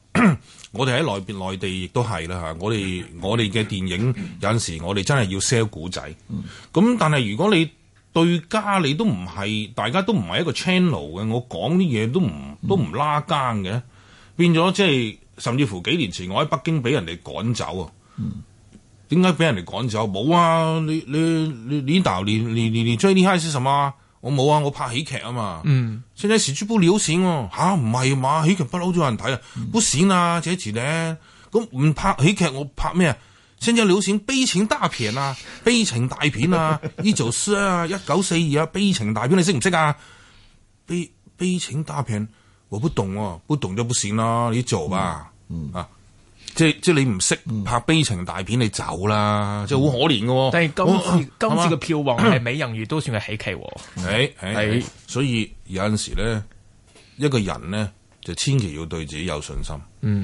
我哋喺內邊內地亦都係啦吓，我哋我哋嘅電影有陣時我哋真係要 sell 古仔，咁、嗯、但係如果你對家你都唔係，大家都唔係一個 channel 嘅，我講啲嘢都唔都唔拉更嘅，變咗即係甚至乎幾年前我喺北京俾人哋趕走啊，點解俾人哋趕走？冇、嗯、啊，你你你你導演你你你最厲害是什麼？我冇啊！我拍喜劇啊嘛，而家、嗯、時興唔撈錢喎嚇，唔係嘛？喜劇不嬲都有人睇啊，不錢啊，幾多呢？咧、啊？咁唔拍喜劇我拍咩啊？而家流行悲情大片啊， 悲情大片啊，呢做 Sir, 詩啊，一九四二啊，悲情大片你識唔識啊？悲悲情大片我不懂哦、啊，不懂就不行啦、啊，你走吧，嗯啊。即係即係你唔識拍悲情大片，你走啦！即係好可憐嘅。但係今次今次嘅票房係《美人魚》都算係喜劇。係係，所以有陣時咧，一個人呢，就千祈要對自己有信心。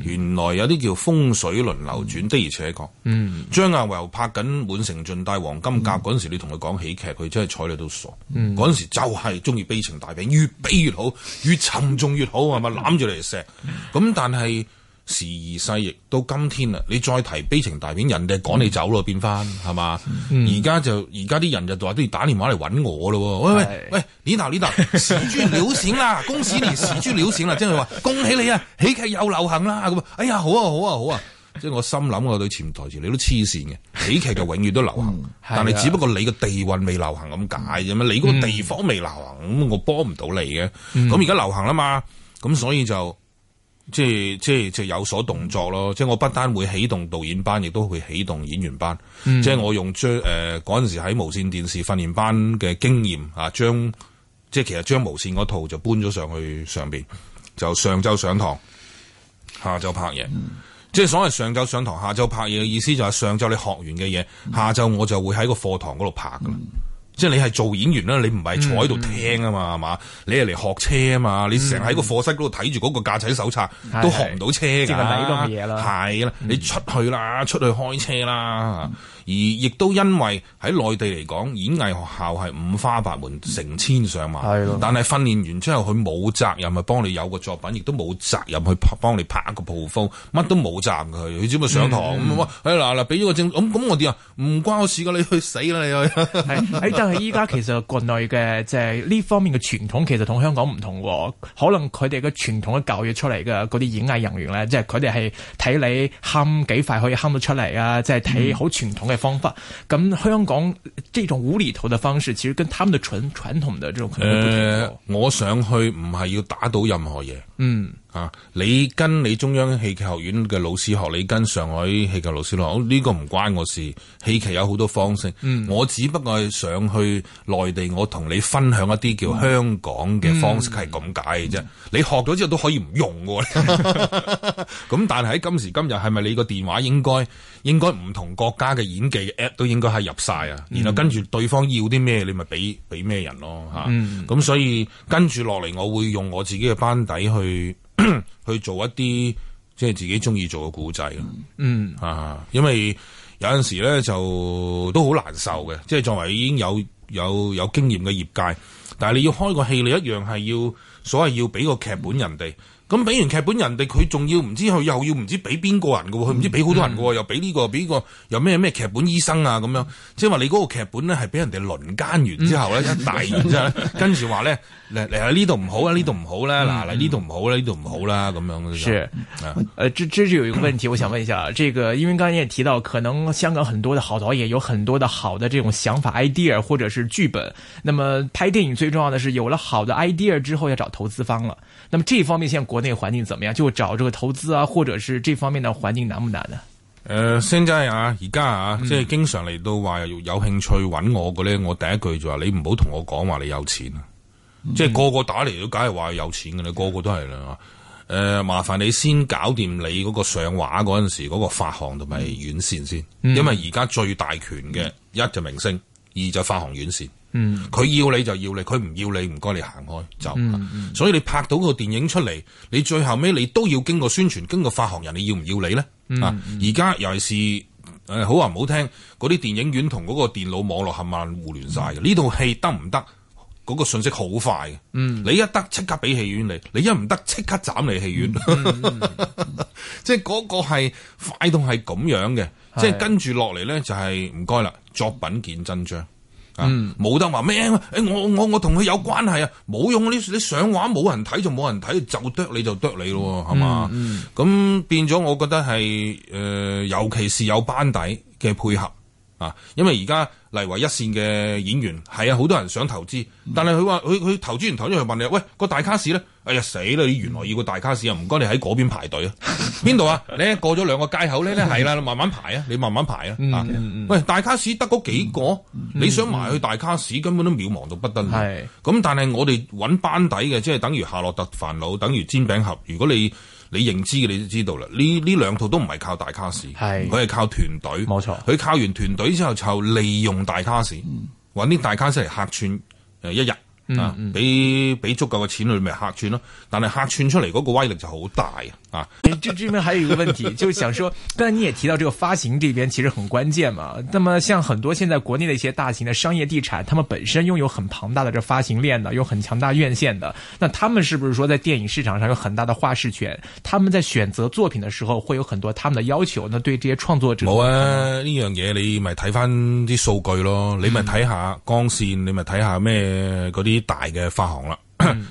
原來有啲叫風水輪流轉的而且確。嗯，張藝謀拍緊《滿城盡帶黃金甲》嗰陣時，你同佢講喜劇，佢真係睬你都傻。嗰陣時就係中意悲情大片，越悲越好，越沉重越好，係咪攬住嚟錫？咁但係。時移世易到今天啦！你再提悲情大片，人哋趕你走咯，變翻係嘛？而家就而家啲人就話都要打電話嚟揾我咯，喂喂喂！呢頭呢頭時豬了閃啦，恭喜你時豬了閃啦！即係話恭喜你啊！喜劇又流行啦咁啊！哎呀，好啊好啊好啊！即係我心諗我對潛台詞你都黐線嘅，喜劇就永遠都流行，但係只不過你個地運未流行咁解啫嘛！你嗰個地方未流行，咁我幫唔到你嘅。咁而家流行啦嘛，咁所以就。即係即係即係有所動作咯，即係我不單會啟動導演班，亦都會啟動演員班。嗯、即係我用將誒嗰陣時喺無綫電視訓練班嘅經驗啊，將即係其實將無綫嗰套就搬咗上去上邊，就上晝上堂下晝拍嘢，嗯、即係所謂上晝上堂下晝拍嘢嘅意思就係上晝你學完嘅嘢，下晝我就會喺個課堂嗰度拍噶啦。嗯即係你係做演員啦，你唔係坐喺度聽啊嘛，係嘛、嗯？你係嚟學車啊嘛，嗯、你成日喺個課室嗰度睇住嗰個駕駛手冊、嗯、都學唔到車㗎啦！係啦是，你出去啦，出去開車啦。嗯而亦都因為喺內地嚟講，演藝學校係五花八門，成千上萬，係咯。但係訓練完之後佢冇責任去幫你有個作品，亦都冇責任去幫你拍一個鋪風，乜都冇責任佢。你知唔知上堂咁？哇、嗯！誒嗱嗱，俾咗個證，咁、嗯、咁我點啊？唔關我事㗎，你去死啦你！去，誒，但係依家其實國內嘅，即係呢方面嘅傳統其實同香港唔同喎。 可能佢哋嘅傳統嘅教育出嚟嘅嗰啲演藝人員咧，即係佢哋係睇你喊幾快可以喊到出嚟啊！即係睇好傳統嘅。方法咁，香港這種無厘頭的方式，其實跟他們的傳傳統的這種，我想去唔係要打倒任何嘢，嗯。啊！你跟你中央戲劇學院嘅老師學，你跟上海戲劇老師學，呢、哦呢個唔關我事。戲劇有好多方式，嗯、我只不過係想去內地，我同你分享一啲叫香港嘅方式係咁解嘅啫。嗯嗯、你學咗之後都可以唔用喎。咁、嗯、 但係喺今時今日，係咪你個電話應該應該唔同國家嘅演技 app 都應該係入晒啊？嗯、然後跟住對方要啲咩，你咪俾俾咩人咯嚇。咁、嗯嗯、所以跟住落嚟，我會用我自己嘅班底去。去做一啲即係自己中意做嘅古仔咯，嗯啊，因為有陣時咧就都好難受嘅，即係作為已經有有有經驗嘅業界，但係你要開個戲，你一樣係要所謂要俾個劇本人哋。咁俾完劇本，人哋佢仲要唔知佢又要唔知俾邊個人嘅喎，佢唔知俾好多人嘅喎，嗯、又俾呢個，俾呢個，又咩咩、這個這個、劇本醫生啊咁樣，即係話你嗰個劇本呢，係俾人哋輪奸完之後呢，一大完之後，跟住話呢，嚟嚟呢度唔好啊，呢度唔好啦，嗱嗱呢度唔好啦，呢度唔好啦，咁樣。是，誒，即這就有一個問題，我想問一下，呢 個，因為剛才你也提到，可能香港很多嘅好導演有很多嘅好嘅這種想法 idea 或者是劇本，那麼拍電影最重要嘅是有了好嘅 idea 之後要找投資方了，那麼這方面像國內環境怎麼樣？就找這個投資啊，或者是這方面的環境難唔難呢？誒，星仔啊，而家、呃、啊，即係經常嚟到話有有興趣揾我嘅咧，嗯、我第一句就話、是、你唔好同我講話你有錢、啊，即係個個打嚟都梗係話有錢嘅，你個個都係啦。誒、嗯呃，麻煩你先搞掂你嗰個上畫嗰陣時嗰、嗯、個發行同埋院線先，因為而家最大權嘅一就明星，嗯、二就發行院線。佢要你就要你，佢唔要你唔該你行開就。所以你拍到個電影出嚟，你最後尾你都要經過宣傳，經過發行人，你要唔要你咧？啊，而家尤其是誒，好話唔好聽，嗰啲電影院同嗰個電腦網絡係咪互聯晒嘅？呢套戲得唔得？嗰個信息好快嘅。你一得即刻俾戲院嚟，你一唔得即刻斬你戲院。即係嗰個係快到係咁樣嘅，即係跟住落嚟咧，就係唔該啦，作品見真章。嗯，冇、啊、得話咩？誒、欸，我我我同佢有關係啊，冇用嗰你啲上畫冇人睇就冇人睇，就啄你就啄你咯，係嘛、嗯？嗯，咁變咗我覺得係誒、呃，尤其是有班底嘅配合。啊，因為而家嚟為一線嘅演員，係啊，好多人想投資，但係佢話佢佢投資完投資去問你，喂個大卡士咧，哎呀死啦！你原來要個大卡士啊，唔該你喺嗰邊排隊啊，邊度 啊？你過咗兩個街口咧，咧係啦，慢慢排啊，你慢慢排啦啊！喂，大卡士得嗰幾個，嗯、你想埋去大卡士根本都渺茫到不得了。咁、嗯、是但係我哋揾班底嘅，即係等於夏洛特煩惱，等於煎餅俠。如果你你認知嘅你都知道啦，呢呢兩套都唔係靠大卡士，係，佢係靠團隊，冇錯，佢靠完團隊之後就利用大卡士，揾啲、嗯、大卡士嚟客串誒一日。嗯嗯啊！俾俾足夠嘅錢佢，咪客串咯。但係客串出嚟嗰個威力就好大啊這！你注唔注意咩？這邊還有一個問題， 就想說，但你也提到，這個發行這邊其實很關鍵嘛。那麼，像很多現在國內的一些大型的商業地產，他們本身擁有很龐大的這發行鏈的，有很強大院線的。那他們是不是說，在電影市場上有很大的話事權？他們在選擇作品的時候，會有很多他們的要求。那對這些創作者，冇啊，呢樣嘢你咪睇翻啲數據咯， 你咪睇下光線，你咪睇下咩嗰啲。啲大嘅發行啦，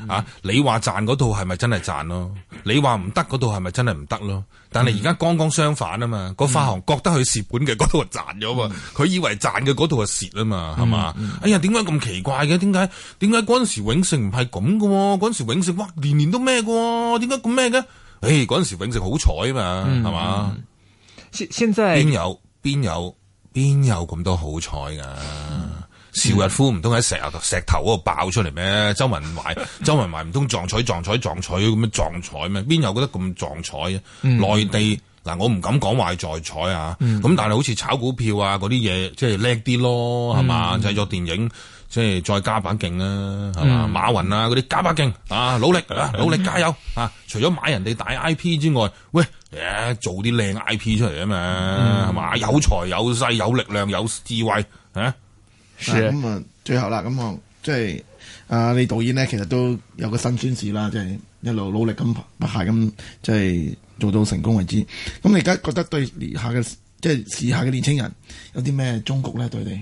啊！你話賺嗰套係咪真係賺咯？你話唔得嗰套係咪真係唔得咯？但係而家剛剛相反啊嘛！個發行覺得佢蝕本嘅嗰度係賺咗，佢以為賺嘅嗰度啊蝕啊嘛，係嘛？哎呀，點解咁奇怪嘅？點解點解嗰陣時永盛唔係咁嘅？嗰陣時永盛哇，年年都咩嘅？點解咁咩嘅？誒，嗰陣時永盛好彩啊嘛，係嘛？現現在邊有邊有邊有咁多好彩噶？邵逸夫唔通喺石頭嗰度爆出嚟咩？周文懷， 周文懷唔通撞彩撞彩撞彩咁樣撞彩咩？邊有覺得咁撞彩啊？內、嗯、地嗱，我唔敢講話係在彩啊，咁、嗯、但係好似炒股票啊嗰啲嘢，即係叻啲咯，係嘛、嗯？製作電影即係再加把勁啦、啊，係嘛？嗯、馬雲啊嗰啲加把勁啊，努力、啊努力嗯、努力加油啊！除咗買人哋大 I P 之外，喂，誒、啊，做啲靚 I P 出嚟啊嘛，係嘛、啊？有才有勢、有勢、有力量、有智慧啊！咁是啊，最後啦，咁、嗯、我即係啊，你導演咧，其實都有個辛酸事啦，即係一路努力咁不懈咁，即係做到成功為止。咁、啊、你而家覺得對下嘅即係時下嘅年輕人有啲咩忠告咧？對你誒、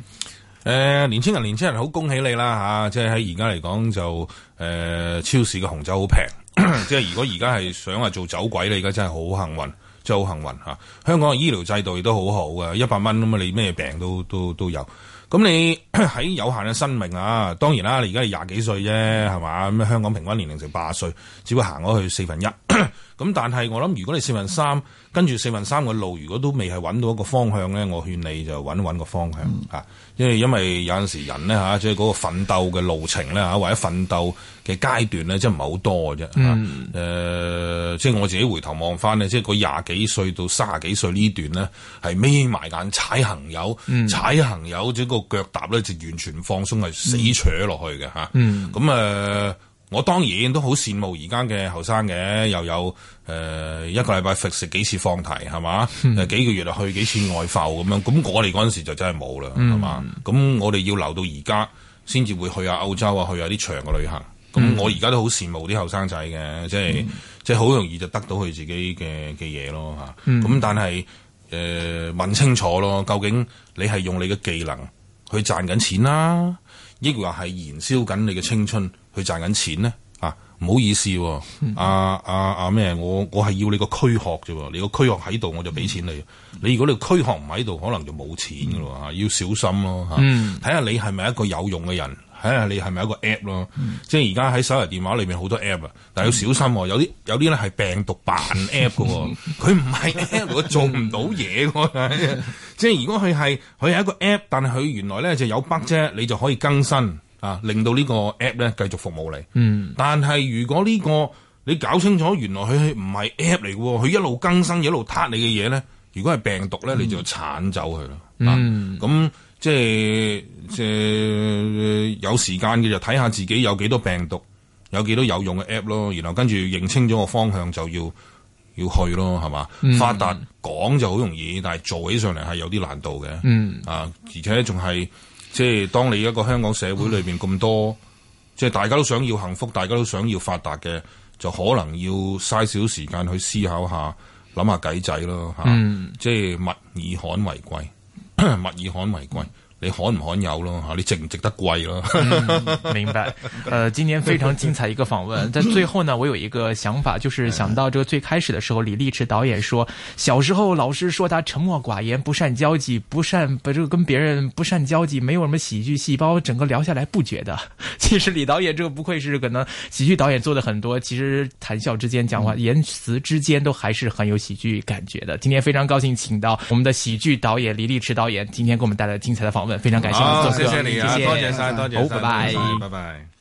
呃，年輕人，年輕人好恭喜你啦吓、啊！即係喺而家嚟講就誒、呃，超市嘅紅酒好平。 即係如果而家係想話做走鬼，你而家真係好幸運，真係好幸運吓、啊。香港嘅醫療制度亦都好好嘅，一百蚊咁啊，你咩病都都都有。咁你喺有限嘅生命啊，當然啦，你而家係廿幾歲啫，係嘛？咁香港平均年齡成八十歲，只會行咗去四分一。 咁但係我諗，如果你四分三跟住四分三嘅路，如果都未係揾到一個方向咧，我勸你就揾一揾個方向嚇，因為、嗯、因為有陣時人咧嚇，即係嗰個奮鬥嘅路程咧嚇、啊，或者奮鬥嘅階段咧，即係唔係好多嘅啫。誒、啊，即係、嗯呃就是、我自己回頭望翻咧，即係個廿幾歲到卅幾歲呢段咧，係眯埋眼踩行油，踩、嗯、行油即係個腳踏咧就完全放鬆係死扯落去嘅嚇。咁、啊、誒。嗯嗯嗯呃我當然都好羨慕而家嘅後生嘅，又有誒、呃、一個禮拜食食幾次放題係嘛？誒、嗯、幾個月就去幾次外埠咁樣，咁我哋嗰陣時就真係冇啦，係嘛、嗯？咁我哋要留到而家先至會去下歐洲啊，去下啲長嘅旅行。咁、嗯、我而家都好羨慕啲後生仔嘅，即係、嗯、即係好容易就得到佢自己嘅嘅嘢咯嚇。咁、嗯、但係誒、呃、問清楚咯，究竟你係用你嘅技能去賺緊錢啦？亦話係燃燒緊你嘅青春去賺緊錢咧啊！唔好意思啊、嗯啊，啊啊啊，咩，我我係要你個軀殼啫，你個軀殼喺度我就俾錢你。你如果你個軀殼唔喺度，可能就冇錢噶啦、啊，要小心咯。吓、啊，睇下你係咪一個有用嘅人。睇下、啊、你係咪一個 app 咯，即係而家喺手提電話裏面好多 app 啊，但係要小心喎、啊，有啲有啲咧係病毒扮 app 嘅喎、啊，佢唔係 app，佢做唔到嘢、啊、即係如果佢係佢係一個 app，但係佢原來咧就有 bug 啫，你就可以更新啊，令到呢個 app 咧繼續服務你。嗯。但係如果呢、呢個你搞清楚原來佢唔係 app 嚟嘅喎，佢一路更新一路 cut 你嘅嘢咧，如果係病毒咧，你就鏟走佢啦。啊、嗯。咁、嗯。即係，即係有時間嘅就睇下自己有幾多病毒，有幾多有用嘅 app 咯，然後跟住認清咗個方向就要要去咯，係嘛？嗯、發達講就好容易，但係做起上嚟係有啲難度嘅。嗯啊，而且仲係即係當你一個香港社會裏面咁多，嗯、即係大家都想要幸福，大家都想要發達嘅，就可能要嘥少時間去思考下，諗下計仔咯吓。啊嗯、即係物以罕為貴。物以罕為貴。你罕唔罕有咯你值唔值得貴咯、嗯？明白。呃，今天非常精彩一個訪問。在最後呢，我有一個想法，就是想到這個最開始的時候，李立池導演說，小時候老師說他沉默寡言，不善交際，不善不這個跟別人不善交際，沒有什麼喜劇細胞。整個聊下來不覺得。其實李導演這個不愧是可能喜劇導演做的很多，其實談笑之間講話言辭之間都還是很有喜劇感覺的。今天非常高興請到我們的喜劇導演李立池導演，今天給我們帶來精彩的訪問。非常感、oh, 謝，多謝你，多謝晒，多謝晒，拜拜。